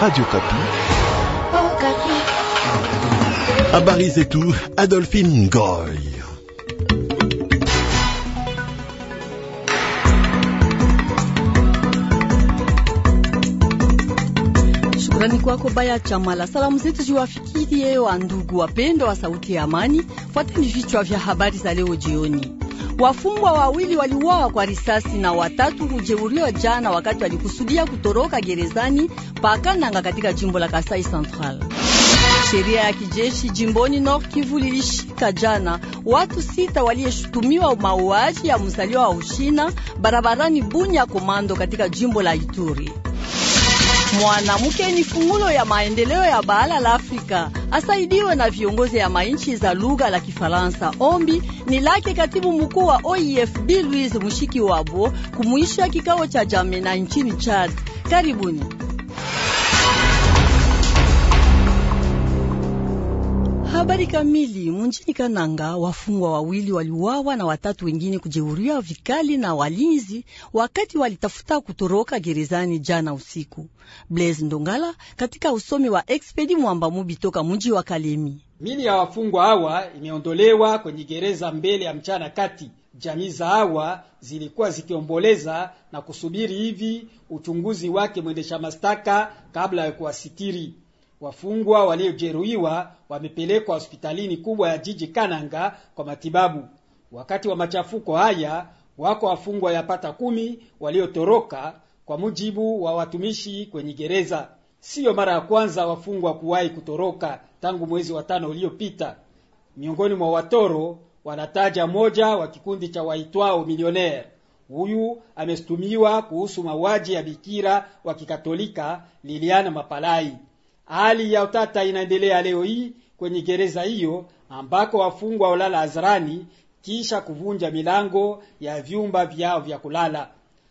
Radio Kapi. Oh, Kapi. Habari zetu Adolphine Goy. Shukrani kwako Baya Chamala. Salamu zetu ziwafikirie wa ndugu wapendwa wa Sauti ya Amani. Fuateni vichwa vya habari za leo jioni. Wafungwa wawili waliuawa kwa risasi na watatu kujeuriwa jana wakati walikusudia kutoroka gerezani pakananga katika jimbo la Kasai Central. Sheria ya kijeshi jimboni Nord Kivu lilishika jana watu sita waliyeshutumiwa mauaji ya mzaliwa wa Ushina barabarani Bunya Komando katika jimbo la Ituri. Mwanamke ni fungulo ya maendeleo ya bara la Afrika, asaidiwe na viongozi ya mainchi za lugha la Kifaransa. Ombi ni lake katibu mkuu wa OIFD e Louise Mushikiwabo kumuisha kikao cha Jamena nchini Chad. Karibuni. Habari kamili munjini Kananga, wafungwa wawili waliuawa na watatu wengine kujeruhiwa vikali na walinzi wakati walitafuta kutoroka gerezani jana usiku. Blaise Ndongala katika usomi wa Expedi Mwamba Mubi toka mji wa Kalemi. Mili ya wafungwa hawa imeondolewa kwenye gereza mbele ya mchana kati. Jamii za hawa zilikuwa zikiomboleza na kusubiri hivi uchunguzi wake mwendesha mashtaka kabla ya kuwasitiri Wafungwa waliojeruhiwa wamepelekwa hospitalini kubwa ya jiji Kananga kwa matibabu. Wakati wa machafuko haya wako wafungwa yapata kumi waliotoroka kwa mujibu wa watumishi kwenye gereza. Siyo mara ya kwanza wafungwa kuwahi kutoroka tangu mwezi wa tano uliopita. Miongoni mwa watoro wanataja moja wa kikundi cha waitwao milioner. Huyu ameshtumiwa kuhusu mauaji ya bikira wa Kikatolika Liliana Mapalai. Hali ya utata inaendelea leo hii kwenye gereza hiyo ambako wafungwa ulala hadharani kisha kuvunja milango ya vyumba vyao vya kulala.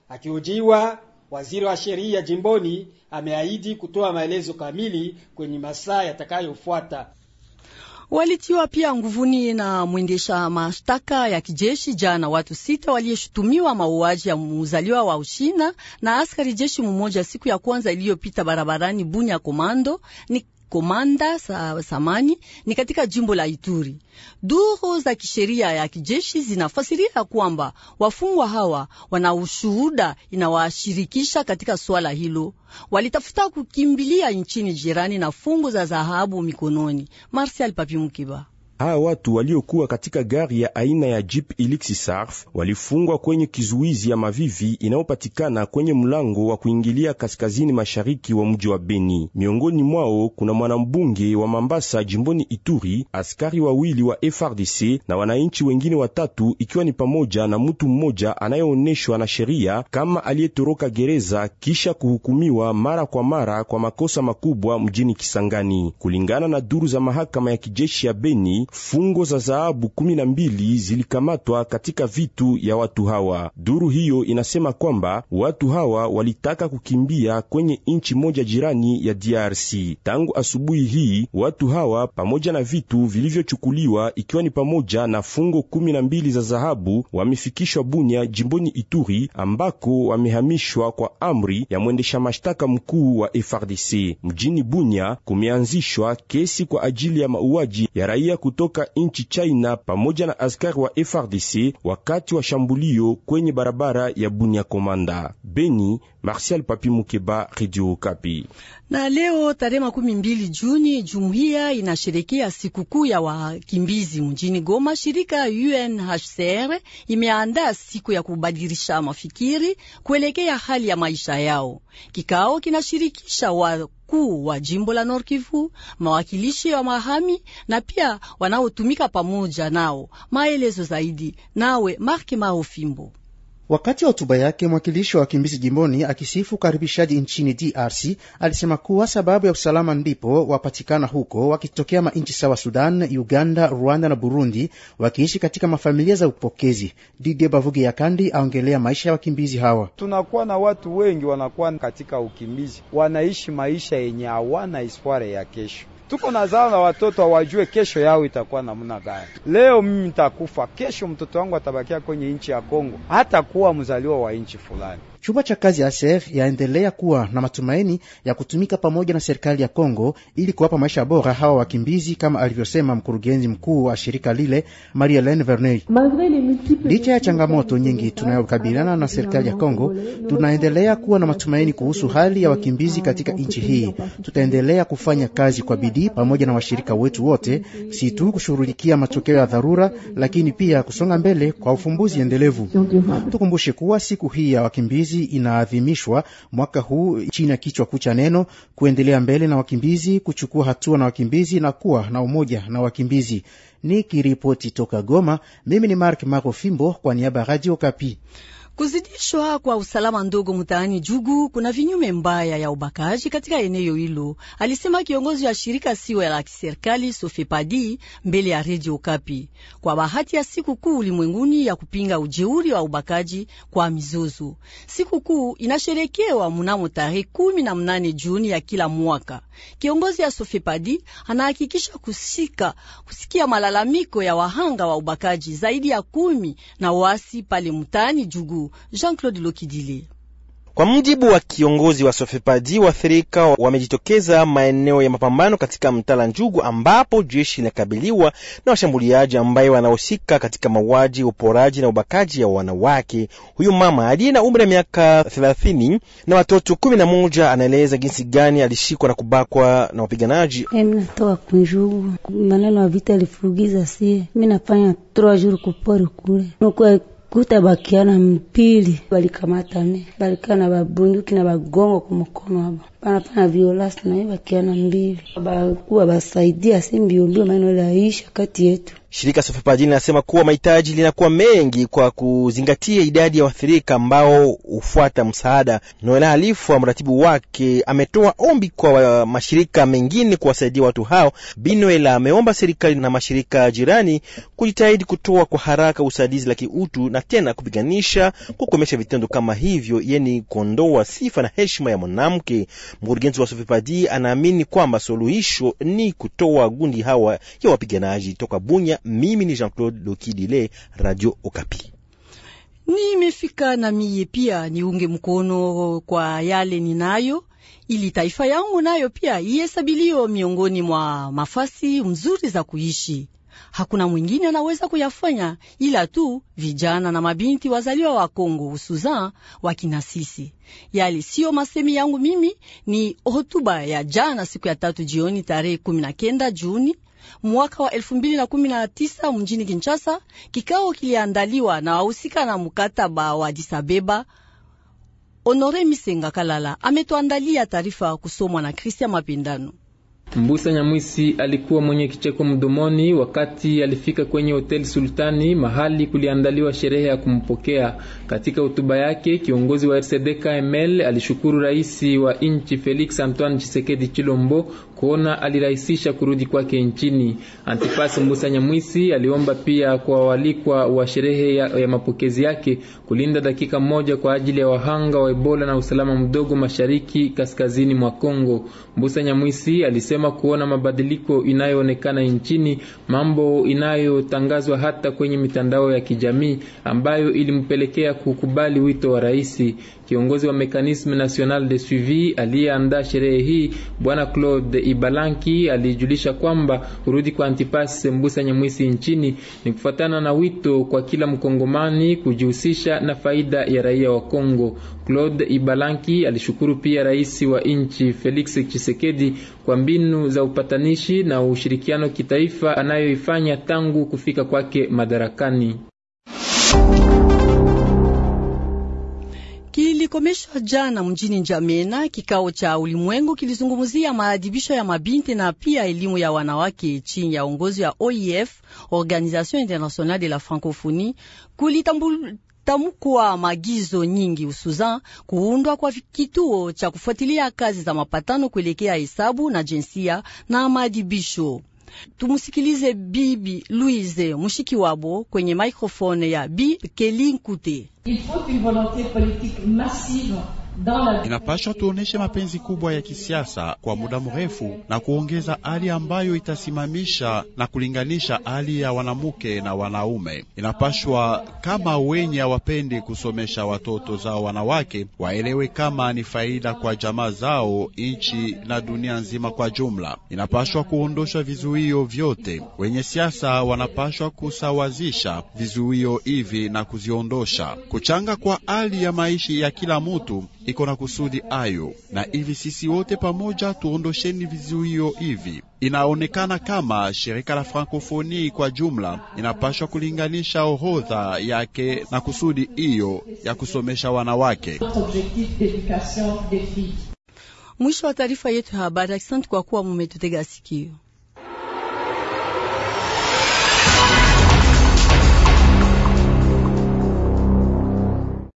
Akihojiwa, waziri wa sheria jimboni ameahidi kutoa maelezo kamili kwenye masaa yatakayofuata walitiwa pia nguvuni na mwendesha mashtaka ya kijeshi jana watu sita waliyeshutumiwa mauaji ya muzaliwa wa Ushina na askari jeshi mmoja siku ya kwanza iliyopita barabarani Bunya Komando ni komanda za samani ni katika jimbo la Ituri. Duru za kisheria ya kijeshi zinafasiria kwamba wafungwa hawa wana ushuhuda inawashirikisha katika swala hilo, walitafuta kukimbilia nchini jirani na fungu za dhahabu mikononi. Marsial Papi Mukiba Hawa watu waliokuwa katika gari ya aina ya Jeep Elixir Surf walifungwa kwenye kizuizi ya mavivi inayopatikana kwenye mlango wa kuingilia kaskazini mashariki wa mji wa Beni. Miongoni mwao kuna mwanambunge wa Mambasa jimboni Ituri, askari wawili wa FRDC na wananchi wengine watatu, ikiwa ni pamoja na mtu mmoja anayeoneshwa na sheria kama aliyetoroka gereza kisha kuhukumiwa mara kwa mara kwa makosa makubwa mjini Kisangani, kulingana na duru za mahakama ya kijeshi ya Beni fungo za zahabu kumi na mbili zilikamatwa katika vitu ya watu hawa. Duru hiyo inasema kwamba watu hawa walitaka kukimbia kwenye nchi moja jirani ya DRC. Tangu asubuhi hii watu hawa pamoja na vitu vilivyochukuliwa ikiwa ni pamoja na fungo kumi na mbili za zahabu wamefikishwa Bunya jimboni Ituri, ambako wamehamishwa kwa amri ya mwendesha mashtaka mkuu wa FRDC. Mjini Bunya kumeanzishwa kesi kwa ajili ya mauaji ya raia kutoka nchi China pamoja na askari wa FRDC wakati wa shambulio kwenye barabara ya Bunia Komanda. Beni, Martial Papi Mukeba, Radio Kapi. Na leo tarehe makumi mbili Juni, jumuiya inasherekea sikukuu ya wakimbizi mjini Goma. Shirika UNHCR imeandaa siku ya kubadilisha mafikiri kuelekea hali ya maisha yao. Kikao kinashirikisha wakuu wa jimbo la Nord Kivu, mawakilishi wa mahami na pia wanaotumika pamoja nao. Maelezo zaidi nawe Mark Mao Fimbo. Wakati wa hotuba yake mwakilishi wa wakimbizi jimboni akisifu ukaribishaji nchini DRC alisema kuwa sababu ya usalama ndipo wapatikana huko wakitokea manchi sawa Sudan, Uganda, Rwanda na Burundi, wakiishi katika mafamilia za upokezi. Dide Bavuge ya Kandi aongelea maisha ya wakimbizi hawa. Tunakuwa na watu wengi wanakuwa katika ukimbizi, wanaishi maisha yenye hawana isware ya kesho tuko na zao na watoto wajue kesho yao itakuwa namna gani. Leo mimi nitakufa, kesho mtoto wangu atabakia kwenye nchi ya Kongo, hatakuwa mzaliwa wa nchi fulani. Chumba cha kazi ya ACR yaendelea kuwa na matumaini ya kutumika pamoja na serikali ya Kongo ili kuwapa maisha bora hawa wakimbizi, kama alivyosema mkurugenzi mkuu wa shirika lile Marie Helene Licha ya changamoto nyingi tunayokabiliana na serikali ya Kongo, tunaendelea kuwa na matumaini kuhusu hali ya wakimbizi katika nchi hii. Tutaendelea kufanya kazi kwa bidii pamoja na washirika wetu wote, si tu kushughulikia matokeo ya dharura, lakini pia kusonga mbele kwa ufumbuzi endelevu. Tukumbushe kuwa siku hii ya wakimbizi wakimbizi inaadhimishwa mwaka huu chini ya kichwa kuu cha neno kuendelea mbele na wakimbizi, kuchukua hatua na wakimbizi na kuwa na umoja na wakimbizi. ni kiripoti toka Goma, mimi ni Mark Marofimbo kwa niaba ya Radio Kapi. Kuzidishwa kwa usalama ndogo mtaani Jugu kuna vinyume mbaya ya ubakaji katika eneo hilo, alisema kiongozi wa shirika sio la kiserikali Sofepadi mbele ya redio Kapi kwa bahati ya siku kuu ulimwenguni ya kupinga ujeuri wa ubakaji kwa mizozo. Siku kuu inasherekewa mnamo tarehe kumi na mnane Juni ya kila mwaka. Kiongozi ya Sofepadi anahakikisha kusika kusikia malalamiko ya wahanga wa ubakaji zaidi ya kumi na wasi pale mtaani Jugu. Jean-Claude Lokidile. Kwa mjibu wa kiongozi wa Sofepadi, waathirika wamejitokeza maeneo ya mapambano katika mtaa la Njugu, ambapo jeshi linakabiliwa na washambuliaji ambaye wanahusika katika mauaji, uporaji na ubakaji ya wanawake. Huyu mama aliye na umri ya miaka 30 na watoto kumi na moja anaeleza jinsi gani alishikwa na kubakwa na wapiganaji. Minatoa kunjugu maneno ya vita alifugiza sie nafanya trois jours kupori kule bakiana mpili balikamatane balikaa na babunduki na bagongo kumukono aba banapana violasi naye na mbili bakuwa basaidia si mbiombio maneno laisha kati yetu Shirika Sofapajini linasema kuwa mahitaji linakuwa mengi kwa kuzingatia idadi ya waathirika ambao hufuata msaada. Noela Halifu wa mratibu wake ametoa ombi kwa mashirika mengine kuwasaidia watu hao. Binoela ameomba serikali na mashirika jirani kujitahidi kutoa kwa haraka usaidizi la kiutu na tena kupiganisha kukomesha vitendo kama hivyo, yani kuondoa sifa na heshima ya mwanamke. Mkurugenzi wa Sofapadi anaamini kwamba suluhisho ni kutoa gundi hawa ya wapiganaji toka Bunya mimi ni Jean-Claude Lokidile, Radio Okapi. Nimefika na miye pia niunge mkono kwa yale ninayo ili taifa yangu nayo pia ihesabiliwe miongoni mwa mafasi mzuri za kuishi. Hakuna mwingine anaweza kuyafanya ila tu vijana na mabinti wazaliwa wa Kongo, hususan wakina sisi. Yale siyo masemi yangu mimi, ni hotuba ya jana siku ya tatu jioni tarehe 19 Juni mwaka wa 2019 mjini Kinshasa. Kikao kiliandaliwa na wahusika na mkataba wa Addis Abeba. Honore Misenga Kalala ametuandalia taarifa kusomwa na Christian Mapindano. Mbusa Nyamwisi alikuwa mwenye kicheko mdomoni wakati alifika kwenye hoteli Sultani, mahali kuliandaliwa sherehe ya kumpokea. Katika hotuba yake, kiongozi wa RCD-KML alishukuru rais wa nchi Felix Antoine Tshisekedi Chilombo kuona alirahisisha kurudi kwake nchini. Antipas Mbusa Nyamwisi aliomba pia kwa walikwa wa sherehe ya, ya mapokezi yake kulinda dakika moja kwa ajili ya wahanga wa Ebola na usalama mdogo mashariki kaskazini mwa Kongo. Mbusa Nyamwisi alisema vyema kuona mabadiliko inayoonekana nchini, mambo inayotangazwa hata kwenye mitandao ya kijamii ambayo ilimpelekea kukubali wito wa rais. Kiongozi wa Mekanisme National de Suivi aliyeandaa sherehe hii Bwana Claude Ibalanki alijulisha kwamba kurudi kwa Antipas Sembusa Nyamwisi nchini ni kufuatana na wito kwa kila mkongomani kujihusisha na faida ya raia wa Kongo. Claude Ibalanki alishukuru pia rais wa nchi Felix Chisekedi kwa mbinu za upatanishi na ushirikiano kitaifa anayoifanya tangu kufika kwake madarakani. Kilikomeshwa jana mjini Njamena kikao cha ulimwengu kilizungumzia maadhibisho ya mabinti na pia elimu ya wanawake chini ya uongozi ya OIF, Organisation Internationale de la Francophonie, kulitambua tamkuwa maagizo nyingi usuzan kuundwa kwa kituo cha kufuatilia kazi za mapatano kuelekea hesabu na jinsia na maadibisho. Tumusikilize Bibi Louise Mushikiwabo kwenye maikrofone ya Bi Kelin inapashwa tuoneshe mapenzi kubwa ya kisiasa kwa muda mrefu na kuongeza hali ambayo itasimamisha na kulinganisha hali ya wanamke na wanaume. Inapashwa kama wenye hawapendi kusomesha watoto zao wanawake waelewe kama ni faida kwa jamaa zao, nchi na dunia nzima kwa jumla. Inapashwa kuondosha vizuio vyote. Wenye siasa wanapashwa kusawazisha vizuio hivi na kuziondosha. Kuchanga kwa hali ya maishi ya kila mtu iko na kusudi ayo, na ili sisi wote pamoja tuondosheni vizuio hivi. Inaonekana kama shirika la Frankofoni kwa jumla inapashwa kulinganisha orodha yake na kusudi hiyo ya kusomesha wanawake. Mwisho wa taarifa yetu ya habari. Asante kwa kuwa mumetutega sikio.